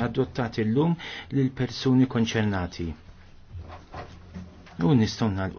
adottati l-lum l-persuni konċernati. U